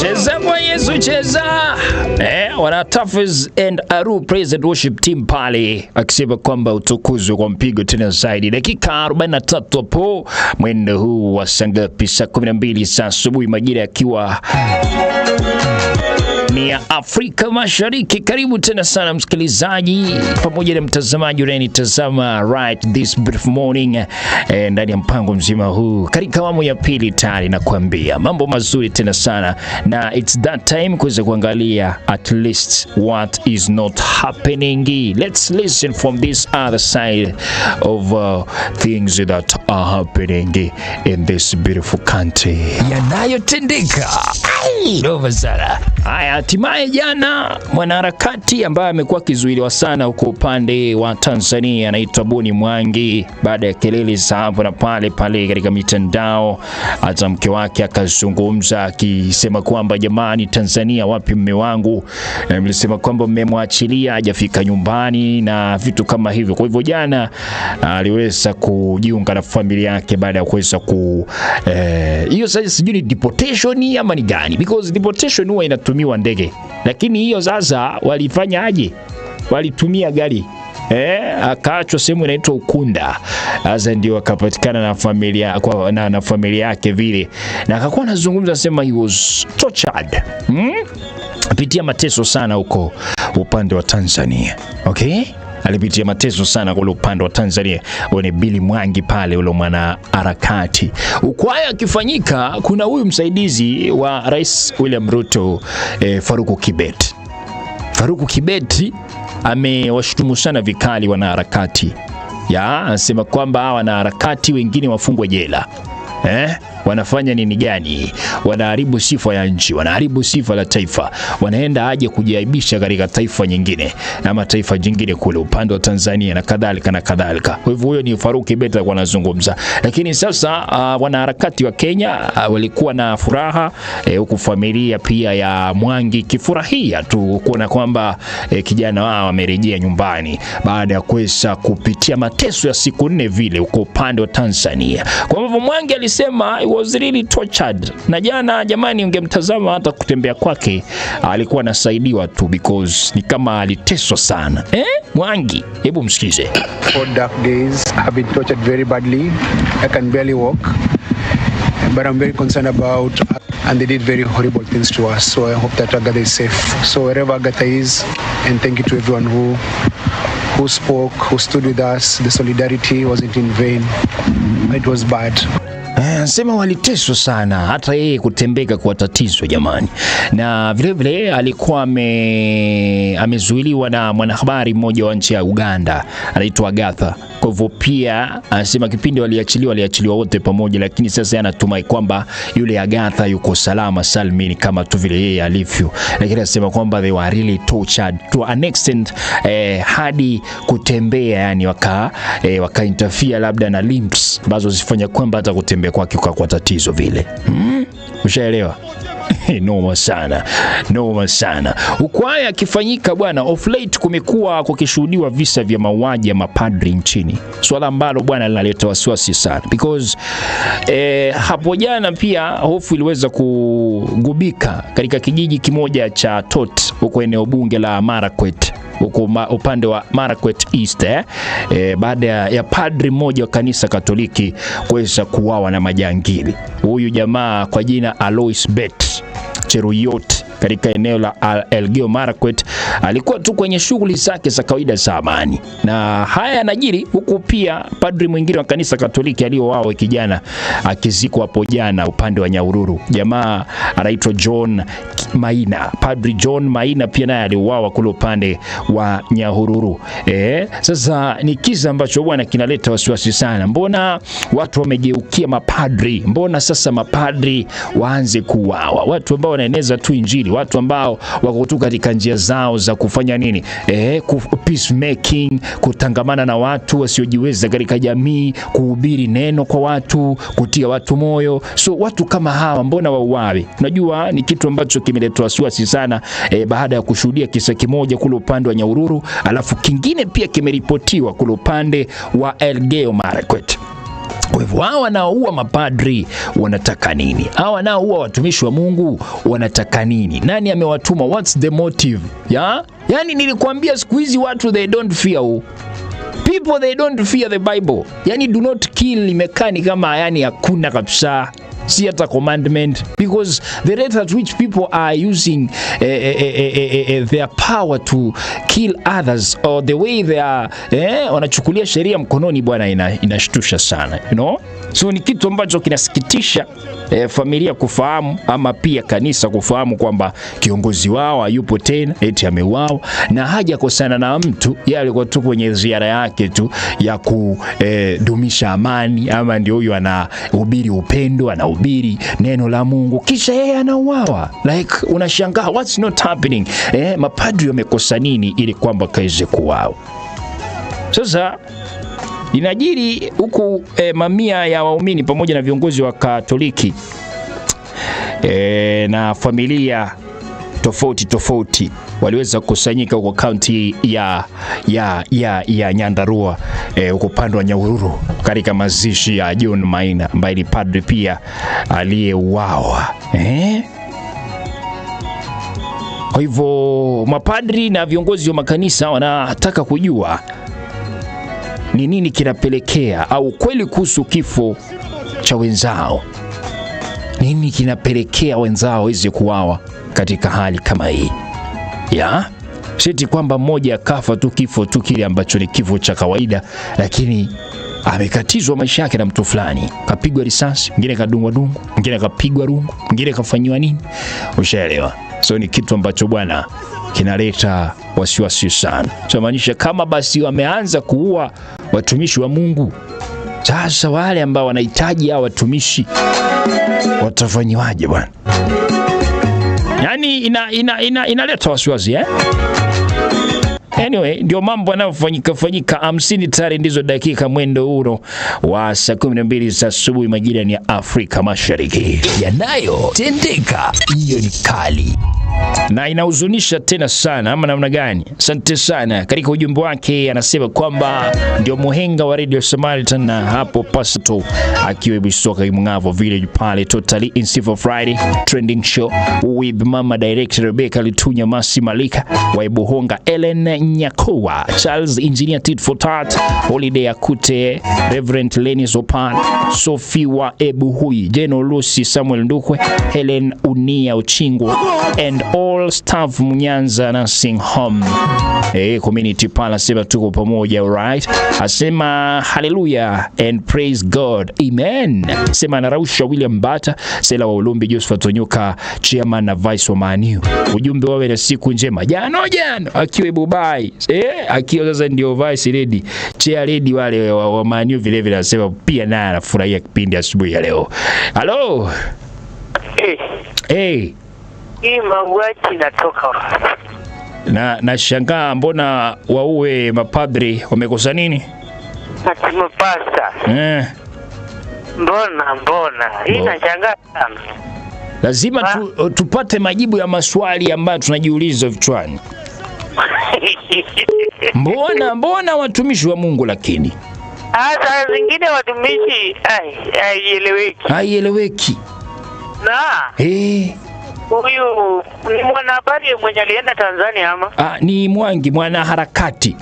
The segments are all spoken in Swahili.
Cheza kwa Yesu cheza. Eh, wana Tafis and Aru Praise and Worship Team pale akisema kwamba utukuzwe kwa mpigo tena zaidi. Dakika 43 hapo mwendo huu wa saa ngapi? Saa 12 za asubuhi majira yakiwa kuania Afrika Mashariki. Karibu tena sana msikilizaji pamoja na mtazamaji unayenitazama right this brief morning e, ndani ya mpango mzima huu katika awamu ya pili, tayari nakwambia mambo mazuri tena sana na it's that time kuweza kuangalia at least what is not happening. Let's listen from this other side of uh, things that are happening in this beautiful country, yanayotendeka noma sana. Haya, hatimaye jana mwanaharakati ambaye amekuwa akizuiliwa sana huko upande wa Tanzania anaitwa Boni Mwangi, baada ya kelele za hapo na pale pale katika mitandao, hata mke wake akazungumza akisema kwamba jamani, Tanzania wapi mme wangu, mlisema kwamba mmemwachilia hajafika nyumbani na vitu kama hivyo. Kwa hivyo jana aliweza kujiunga na familia yake baada ya kuweza ku eh, hiyo eh, sasa sijui ni deportation ama ni gani, because deportation huwa inatumiwa ndege, lakini hiyo sasa walifanya aje? Walitumia gari eh, akaachwa sehemu inaitwa Ukunda. Sasa ndio akapatikana na familia kwa, na, na familia yake vile, na akakuwa anazungumza sema he was tortured hmm? apitia mateso sana huko upande wa Tanzania okay alipitia mateso sana kule upande wa Tanzania. Huyo ni Mwangi pale, ule mwana harakati. ukwaya akifanyika, kuna huyu msaidizi wa Rais William Ruto eh, Faruku Kibet. Faruku Kibet amewashutumu sana vikali wanaharakati, ya anasema kwamba wanaharakati wengine wafungwe jela eh? wanafanya nini gani? Wanaharibu sifa ya nchi, wanaharibu sifa la taifa, wanaenda aje kujiaibisha katika taifa nyingine na mataifa jingine kule upande wa Tanzania na kadhalika na kadhalika. Kwa hivyo huyo ni Faruki Beta kwa anazungumza, lakini sasa uh, wanaharakati wa Kenya uh, walikuwa na furaha eh, huku, eh, familia pia ya Mwangi kifurahia tu kuona kwamba eh, kijana wao amerejea nyumbani baada ya kuweza kupitia mateso ya siku nne vile huko upande wa Tanzania. Kwa hivyo Mwangi alisema was really tortured. Na jana jamani, ungemtazama hata kutembea kwake alikuwa anasaidiwa tu because ni kama aliteswa sana eh? Mwangi, hebu msikize. For dark days I've been tortured very badly. I can barely walk. But I'm very concerned about and they did very horrible things to us. So I hope that Agatha is safe. So wherever Agatha is, and thank you to everyone who who spoke, who stood with us. The solidarity wasn't in vain. It was bad anasema waliteswa sana, hata yeye kutembeka kwa tatizo jamani. Na vilevile vile, alikuwa ame, amezuiliwa na mwanahabari mmoja wa nchi ya Uganda anaitwa Gatha. Kwa hivyo pia anasema kipindi waliachiliwa, waliachiliwa wote pamoja, lakini sasa anatumai kwamba yule Agatha yuko salama salmini kama tu vile yeye alivyo, lakini anasema kwamba they were really tortured to an extent eh, hadi kutembea yani waka, eh, waka interfere labda na limbs ambazo zifanya kwamba hata kutembea kwake kwake ukakuwa tatizo vile, hmm? Mshaelewa? Noma sana, noma sana. Huku haya akifanyika bwana, off late kumekuwa kukishuhudiwa visa vya mauaji ya mapadri nchini, swala ambalo bwana linaleta wasiwasi sana because eh, hapo jana pia hofu iliweza kugubika katika kijiji kimoja cha Tot huko eneo bunge la Marakwet huko upande wa Marakwet East eh, eh baada ya padri mmoja wa kanisa Katoliki kuweza kuwawa na majangili. Huyu jamaa kwa jina Alois Bet cheruyot katika eneo la Elgeyo Marakwet. Alikuwa tu kwenye shughuli zake za kawaida za amani, na haya yanajiri huku pia padri mwingine wa kanisa Katoliki aliyowao kijana akizikwa hapo jana upande wa Nyahururu. Jamaa anaitwa John Maina, padri John Maina pia naye aliuawa kule upande wa Nyahururu. E, sasa ni kiza ambacho bwana kinaleta wasiwasi sana. Mbona watu wamegeukia mapadri? Mbona sasa mapadri waanze kuuawa, watu ambao wanaeneza tu Injili watu ambao wako tu katika njia zao za kufanya nini, eh, peacemaking, kutangamana na watu wasiojiweza katika jamii, kuhubiri neno kwa watu, kutia watu moyo. So watu kama hawa mbona wauawe? Najua ni kitu ambacho kimeleta wasiwasi sana e, baada ya kushuhudia kisa kimoja kule upande wa Nyaururu, alafu kingine pia kimeripotiwa kule upande wa Elgeyo Marakwet. Kwa hivyo hawa wanaoua mapadri wanataka nini? Hawa wanaoua watumishi wa Mungu wanataka nini? Nani amewatuma? What's the motive? Ya? Yaani nilikwambia siku hizi watu they don't fear who? People they don't fear the Bible. Yaani do not kill imekaa ni kama yani hakuna kabisa theater commandment because the rate at which people are using uh, uh, uh, uh, uh, their power to kill others or the way they are eh, wanachukulia sheria mkononi bwana, ina, inashtusha sana you know? So ni kitu ambacho kinasikitisha eh, familia kufahamu ama pia kanisa kufahamu kwamba kiongozi wao hayupo tena, eti ameuawa na hajakosana na mtu, yeye alikuwa tu kwenye ziara yake tu ya kudumisha eh, amani ama ndio huyu anahubiri upendo ana anahubiri neno la Mungu, kisha yeye anauawa. Like unashangaa what's not happening eh, mapadri wamekosa nini ili kwamba kaweze kuuawa? Sasa linajiri huku eh, mamia ya waumini pamoja na viongozi wa Katoliki eh, na familia tofauti tofauti waliweza kukusanyika huko kaunti ya, ya, ya, ya Nyandarua eh, huko eh, upande wa Nyahururu katika mazishi ya John Maina ambaye ni padre pia aliyeuawa eh? Kwa hivyo mapadri na viongozi wa makanisa wanataka kujua ni nini kinapelekea au kweli kuhusu kifo cha wenzao. Nini kinapelekea wenzao waweze kuwawa? katika hali kama hii ya siti kwamba mmoja akafa tu kifo tu kile ambacho ni kifo cha kawaida, lakini amekatizwa maisha yake na mtu fulani, kapigwa risasi, mwingine kadungwa dungu, mwingine kapigwa rungu, mwingine kafanywa nini, ushaelewa? So ni kitu ambacho bwana kinaleta wasiwasi sana. Tunamaanisha kama basi wameanza kuua watumishi wa Mungu, sasa wale ambao wanahitaji hao watumishi watafanyiwaje bwana? yani inaleta ina, ina, ina wasiwasi eh? Anyway, ndio mambo yanayofanyika fanyika. hamsini tayari ndizo dakika mwendo huo wa saa 12 za asubuhi majira ya Afrika Mashariki yanayotendeka. Hiyo ni kali na inahuzunisha tena sana, ama namna gani? Asante sana. Katika ujumbe wake anasema kwamba ndio muhenga wa Radio Samaritan na hapo pasto akiwa ibisoka Mngavo Village pale Totally Insifa Friday trending show with mama director Rebecca Litunya Masi Malika wa Ibuhonga Ellen Nyakoa Charles Engineer Tit for Tat Holiday Akute Reverend Lenny Zopan Sophie wa Ebuhui Jeno Lucy Samuel Ndukwe Helen Unia uchingo and all all staff Mnyanza Nursing Home. Eh, community pala sema tuko pamoja, right? Asema hallelujah and praise God. Amen. Sema na Rausha William Bata, Sela wa Ulumbi, Joseph Tonyuka, chairman na vice wa Maniu. Ujumbe wawe na siku njema. Jana jana akiwa Dubai. Eh, akiwa sasa ndio vice ready. chair ready wale wa, wa Maniu vile vile anasema pia naye anafurahia kipindi asubuhi ya leo. Hello. Hey. Hey hii mauaji inatoka na nashangaa, mbona wauwe mapadri wamekosa nini? Atimopasa eh. Mbona mbona hii nashangaa sana. Lazima ah. tu, uh, tupate majibu ya maswali ambayo tunajiuliza vichwani mbona mbona watumishi wa Mungu, lakini ah, saa zingine watumishi haieleweki, haieleweki na eh Huyu ni mwanahabari mwenye alienda Tanzania ama? Ah, ni Mwangi mwanaharakati.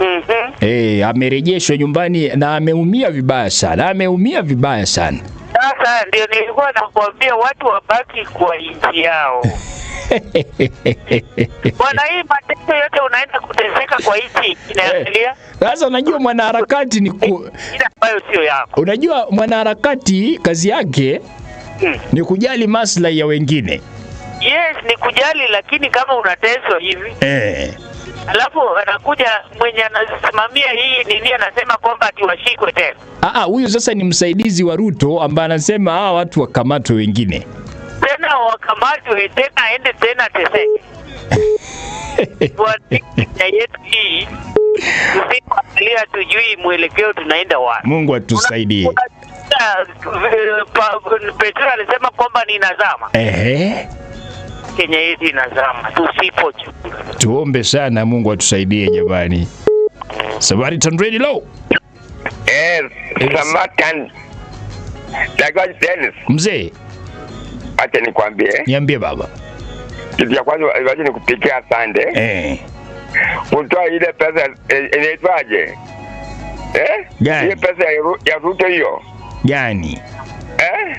Mm -hmm. Eh, amerejeshwa nyumbani na ameumia vibaya sana, ameumia vibaya sana. Sasa ndio nilikuwa nakuambia watu wabaki kwa nchi yao. Bwana, hii mateso yote unaenda kuteseka kwa nchi inaendelea. Eh, sasa unajua mwanaharakati ni ku... ambayo sio yako. Unajua mwanaharakati kazi yake Hmm. ni kujali maslahi ya wengine. Yes, ni kujali, lakini kama unateswa hivi eh. Alafu anakuja mwenye anasimamia hii nini, anasema kwamba atiwashikwe tena. Ah, ah, huyu sasa ni msaidizi wa Ruto ambaye anasema hawa watu wakamatwe wengine tena, wakamatwe tena, aende tena teseke yetu hii tusipoangalia, tujui mwelekeo tunaenda wapi. Mungu atusaidie. Eh, Petro alisema kwamba ni nazama. Ehe. Kenya yetu inazama, tusipochunga. Tuombe sana Mungu atusaidie jamani. Sabari tandredi low. Eh, samatan. Dagoj Dennis. Mzee. Acha nikwambie. Niambie baba. Kitu ya kwanza waje nikupikia asante. Eh. Kutoa ile pesa eh, inaitwaje? Eh? Ile pesa ya Ruto hiyo gani eh?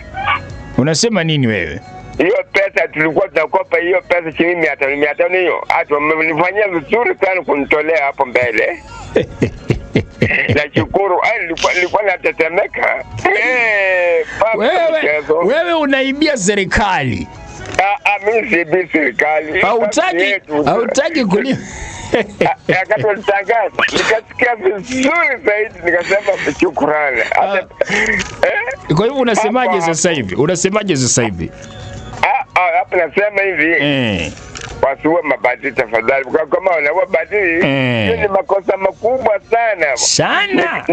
Unasema nini wewe? hiyo pesa tulikuwa tunakopa hiyo pesa shilingi mia tano mia tano hiyo hata wamenifanyia vizuri sana kunitolea hapo mbele nashukuru nilikuwa natetemeka eh, wewe, wewe unaibia serikali ah, ah, mimi siibii serikali hautaki hautaki kulipa akatonitangaza nikasikia vizuri zaidi, nikasema shukurani. Ah. Eh? Kwa hivyo unasemaje sasa hivi? Unasemaje sasa hivi? Ah, ah, hapa nasema hivi eh. wasiwe mabadili tafadhali, kama wanaua eh. hiyo ni makosa makubwa sana sana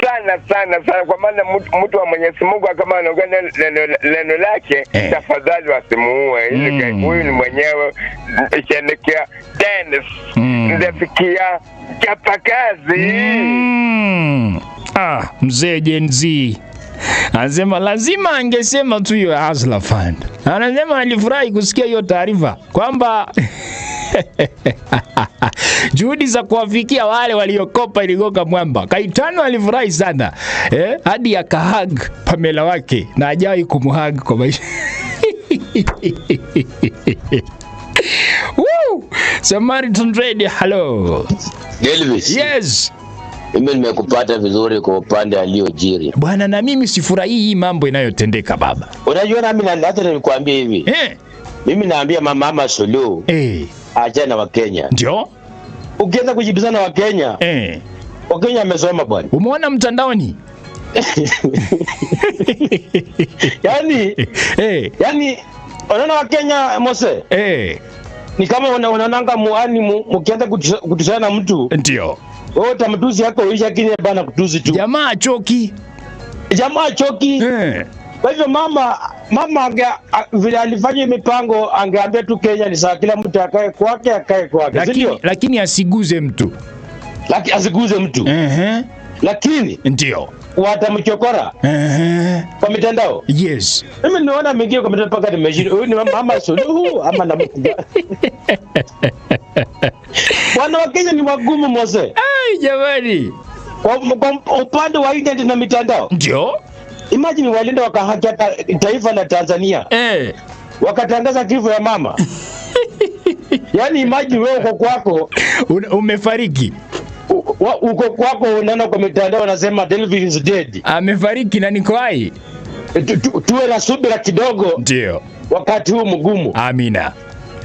sana sana sana, kwa maana mtu wa Mwenyezi Mungu kama anaongea neno lake, eh. tafadhali wasimuue. Mm. Huyu ni mwenyewe shenekia Dennis ndafikia mm. chapa kazi. Mm. Ah, mzee Gen Z anasema lazima angesema tu hiyo Hustler Fund, anasema alifurahi kusikia hiyo taarifa kwamba juhudi za kuwafikia wale waliokopa iligonga mwamba. Kaitano alifurahi sana eh, hadi akahag Pamela wake na ajawahi kumhag kwa maisha Woo! Samaritan Radio, hello. Elvis. Yes. Mimi nimekupata vizuri kwa upande aliyojiri. Bwana na mimi sifurahii hii mambo inayotendeka baba. Unajua nami hata nilikwambia hivi. Eh. Mimi naambia mama Mama Sulu eh, acha na Wakenya ndio ukienda kujibizana na Wakenya eh, Wakenya amesoma bwana, umeona mtandaoni yani, eh, yani unaona Wakenya mose eh, ni kama unaonanga muani mkianza kutusana na mtu ndio wewe utamtuzi yako uisha kile bana kutuzi tu, jamaa choki, jamaa choki eh. Kwa hivyo mama mama ange vile alifanya mipango angeambia tu Kenya ni sawa, kila mtu akae kwake akae kwake, lakini, lakini asiguze mtu Laki, asiguze mtu uh -huh. Lakini ndio watamchokora uh -huh. Kwa mitandao yes. Mimi niona mingi kwa mitandao paka nimeshinda, huyu ni mama Suluhu ama na wana wa Kenya ni wagumu mose. Ai jamani, kwa, kwa upande wa internet na mitandao ndio imagine walinda wakahakia taifa la Tanzania eh, wakatangaza kifo ya mama yani imagine wewe uko kwako umefariki uko kwako unaona kwa mitandao wanasema Delvin is dead, amefariki na niko hai. Eh, tuwe na subira kidogo, ndio wakati huu mgumu. Amina.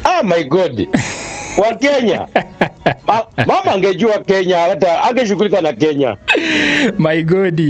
Oh my god wa Kenya Ma, mama angejua Kenya hata angeshughulika na Kenya my god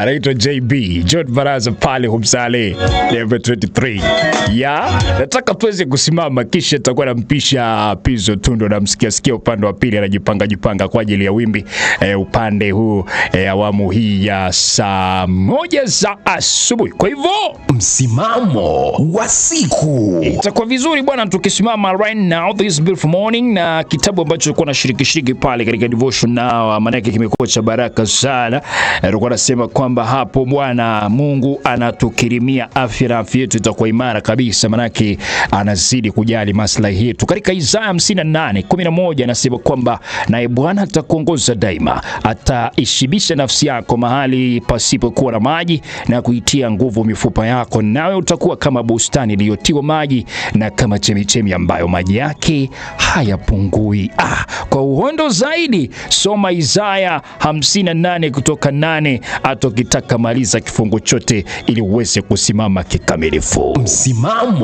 anaitwa JB John Baraza pale Humsale level 23. Ya nataka tuweze kusimama, kisha tutakuwa mpisha Pizo Tundo, na msikia sikia upande wa pili anajipanga jipanga kwa ajili ya wimbi e, upande huu e, awamu hii ya saa moja za asubuhi. Kwa hivyo msimamo wa siku itakuwa vizuri bwana tukisimama right now this beautiful morning, na kitabu ambacho tulikuwa na shiriki shiriki pale katika devotion na maana yake kimekuwa cha baraka sana, eh, tulikuwa nasema kwa kwamba hapo Bwana Mungu anatukirimia afya, afya yetu itakuwa imara kabisa, manake anazidi kujali maslahi yetu. Katika Isaya 58:11 anasema kwamba naye Bwana atakuongoza daima, ataishibisha nafsi yako mahali pasipokuwa na maji na kuitia nguvu mifupa yako, nawe utakuwa kama bustani iliyotiwa maji na kama chemichemi ambayo maji yake hayapungui. Ah, kwa uhondo zaidi soma Isaya 58 kutoka 8 ato ukitaka maliza kifungo chote ili uweze kusimama kikamilifu. Msimamo